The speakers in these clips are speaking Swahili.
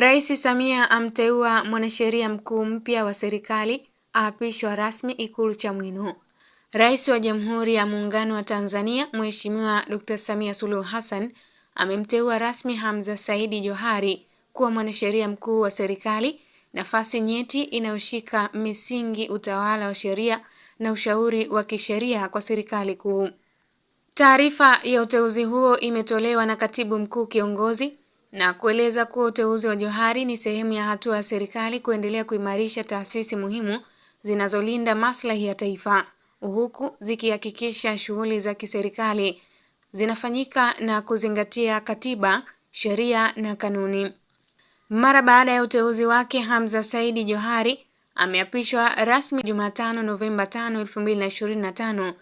Rais Samia amteua mwanasheria mkuu mpya wa serikali aapishwa rasmi Ikulu Chamwino. Rais wa Jamhuri ya Muungano wa Tanzania Mheshimiwa Dr. Samia Suluhu Hassan amemteua rasmi Hamza Saidi Johari kuwa mwanasheria mkuu wa serikali, nafasi nyeti inayoshika misingi utawala wa sheria na ushauri wa kisheria kwa serikali kuu. Taarifa ya uteuzi huo imetolewa na Katibu Mkuu Kiongozi na kueleza kuwa uteuzi wa Johari ni sehemu ya hatua ya serikali kuendelea kuimarisha taasisi muhimu zinazolinda maslahi ya taifa huku zikihakikisha shughuli za kiserikali zinafanyika na kuzingatia katiba, sheria na kanuni. Mara baada ya uteuzi wake, Hamza Saidi Johari ameapishwa rasmi Jumatano Novemba 5, 2025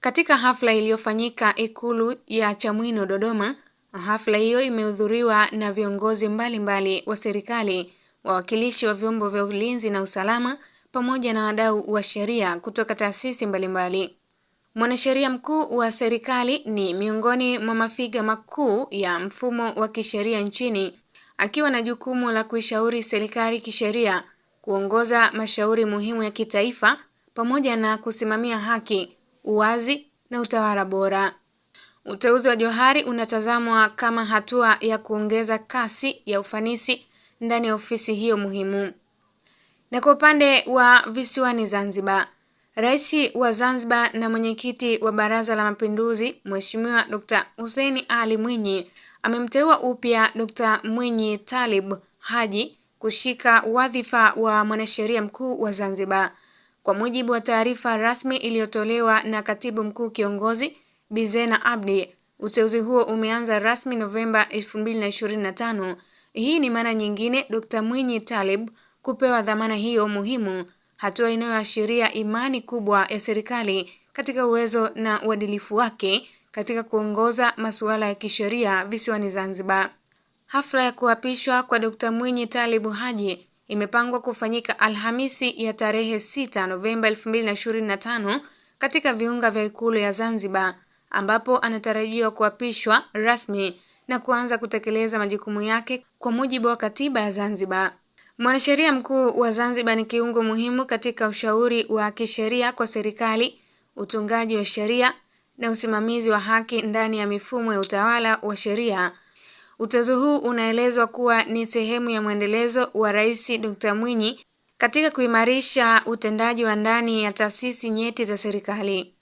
katika hafla iliyofanyika Ikulu ya Chamwino Dodoma Hafla hiyo imehudhuriwa na viongozi mbalimbali wa serikali, wawakilishi wa vyombo vya ulinzi na usalama, pamoja na wadau wa sheria kutoka taasisi mbalimbali. Mwanasheria mkuu wa serikali ni miongoni mwa mafiga makuu ya mfumo wa kisheria nchini, akiwa na jukumu la kuishauri serikali kisheria, kuongoza mashauri muhimu ya kitaifa, pamoja na kusimamia haki, uwazi na utawala bora. Uteuzi wa Johari unatazamwa kama hatua ya kuongeza kasi ya ufanisi ndani ya ofisi hiyo muhimu. Na kwa upande wa visiwani Zanzibar, Rais wa Zanzibar na mwenyekiti wa Baraza la Mapinduzi Mheshimiwa Dr. Hussein Ali Mwinyi amemteua upya Dr. Mwinyi Talib Haji kushika wadhifa wa mwanasheria mkuu wa Zanzibar. Kwa mujibu wa taarifa rasmi iliyotolewa na Katibu Mkuu Kiongozi Bizena Abdi. Uteuzi huo umeanza rasmi Novemba 2025. Hii ni mara nyingine Dkt. Mwinyi Talib kupewa dhamana hiyo muhimu, hatua inayoashiria imani kubwa ya serikali katika uwezo na uadilifu wake katika kuongoza masuala ya kisheria visiwani Zanzibar. Hafla ya kuapishwa kwa Dkt. Mwinyi talib Haji imepangwa kufanyika Alhamisi ya tarehe 6 Novemba 2025 katika viunga vya Ikulu ya Zanzibar ambapo anatarajiwa kuapishwa rasmi na kuanza kutekeleza majukumu yake kwa mujibu wa katiba ya Zanzibar. Mwanasheria mkuu wa Zanzibar ni kiungo muhimu katika ushauri wa kisheria kwa serikali, utungaji wa sheria na usimamizi wa haki ndani ya mifumo ya utawala wa sheria. Uteuzi huu unaelezwa kuwa ni sehemu ya mwendelezo wa Rais Dr. Mwinyi katika kuimarisha utendaji wa ndani ya taasisi nyeti za serikali.